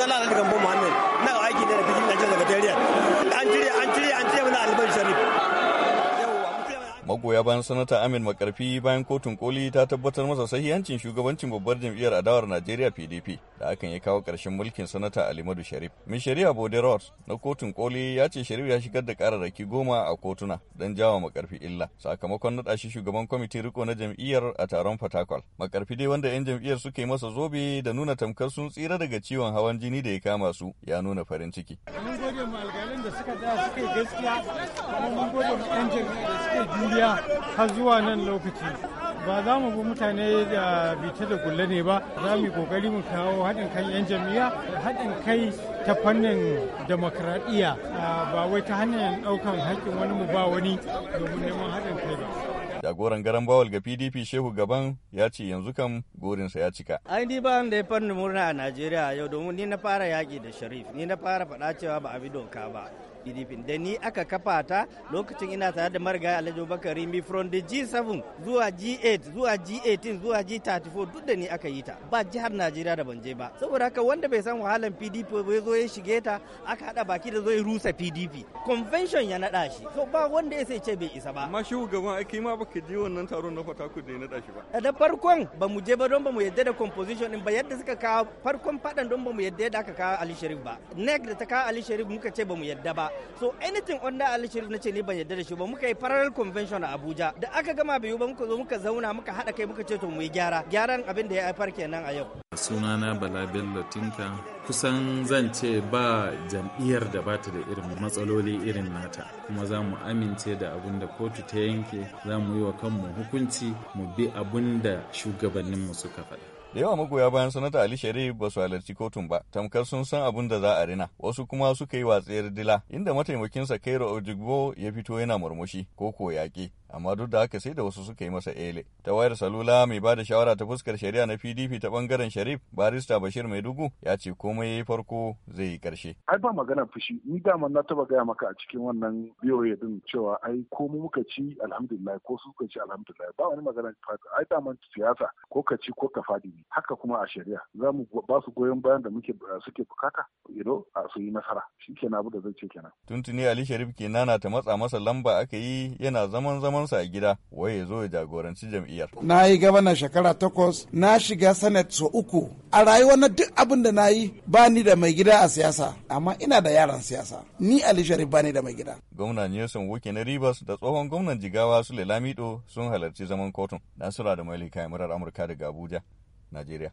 yana na daga muhammad na aiki da bikin najeriya daga magoya bayan sanata amin makarfi bayan kotun koli ta tabbatar masa sahihancin shugabancin babbar jam'iyyar adawar najeriya pdp da hakan ya kawo ƙarshen mulkin sanata alimadu sharif mai shari'a bode ross na kotun koli ya ce sharif ya shigar da kararraki goma a kotuna don jawa makarfi illa sakamakon naɗa shi shugaban kwamitin riko na jam'iyyar a taron fatakwal makarfi dai wanda 'yan jam'iyyar suka yi masa zobe da nuna tamkar sun tsira daga ciwon hawan jini da ya kama su ya nuna farin ciki. mun gode ma da suka da gaskiya kuma mun gode ma 'yan jam'iyyar da juriya tsaya har zuwa nan lokaci ba za mu bi mutane da bita da gulle ne ba za mu yi kokari mu kawo haɗin kan 'yan jam'iyya haɗin kai ta fannin demokradiyya ba wai ta hanyar ɗaukan haƙƙin wani mu ba wani domin neman haɗin kai ba jagoran garan bawal ga pdp shehu gaban ya ce yanzu kan burinsa ya cika. Ai ni ba da ya fanni murna a Najeriya yau domin ni na fara yaƙi da Sharif, ni na fara faɗa cewa ba a bi doka ba. PDP da ni aka kafa ta lokacin ina tare da marigayi Alhaji Bakari mi from the G7 zuwa G8 zuwa G18 zuwa G34 duk da ni aka yi ta ba jihar Najeriya da ban je ba saboda haka wanda bai san wahalan PDP bai zo ya shige ta aka hada baki da zo ya rusa PDP convention ya nada shi so ba wanda ya sai ce bai isa ba amma shugaban aiki ma baka je wannan taron na ku da ya nada shi ba da farkon ba mu je ba don ba mu yadda da composition din ba yadda suka kawo farkon fadan don ba mu yadda da aka kawo Ali Sharif ba neck da ta kawo Ali Sharif muka ce ba mu yadda ba so anything wanda Ali Sharif na ce ni ban yadda da shi ba muka yi parallel convention a Abuja da aka gama biyu ba muka zo muka zauna muka hada kai muka ce to mu yi gyara gyaran abin da ya haifar kenan a yau sunana bala bello tinka kusan zan ce ba jam'iyyar da bata da irin matsaloli irin nata kuma za mu amince da abin da kotu ta yanke za mu yi wa kanmu hukunci mu bi abin da shugabanninmu suka faɗa da yawa magoya bayan sanata ali sharif ba su halarci kotun ba tamkar sun san abin da za a rina wasu kuma suka yi watsayar dila inda mataimakinsa kairo ojigbo ya fito yana murmushi ko ko yaƙi amma duk da haka sai da wasu suka yi masa ele. Ta wayar salula mai bada shawara ta fuskar shari'a na PDP ta bangaren Sharif barista Bashir Maidugu ya ce komai ya yi farko zai yi karshe. Ai ba magana fushi ni dama na taba gaya maka a cikin wannan biyoyi din cewa ai ko mu muka ci alhamdulillah ko su suka ci alhamdulillah ba wani magana fata ai dama siyasa ko ka ci ko ka fadi haka kuma a shari'a za mu ba su goyon bayan da muke suke bukata ido a su yi nasara kenan abu da zai ce kenan. Tuntuni Ali Sharif kenan na ta matsa masa lamba aka yi yana zaman zaman ɗansa a gida wai ya zo ya jagoranci jam'iyyar. Na yi gabana shekara takwas, na shiga sanat so uku. A rayuwa na duk abin da na yi ba ni da mai gida a siyasa, amma ina da yaran siyasa. Ni Ali Sharif ba ni da mai gida. Gwamna Nelson Wuke na Rivers da tsohon gwamnan Jigawa Sule Lamido sun halarci zaman kotun. Nasura da Malika Murar Amurka daga Abuja, Najeriya.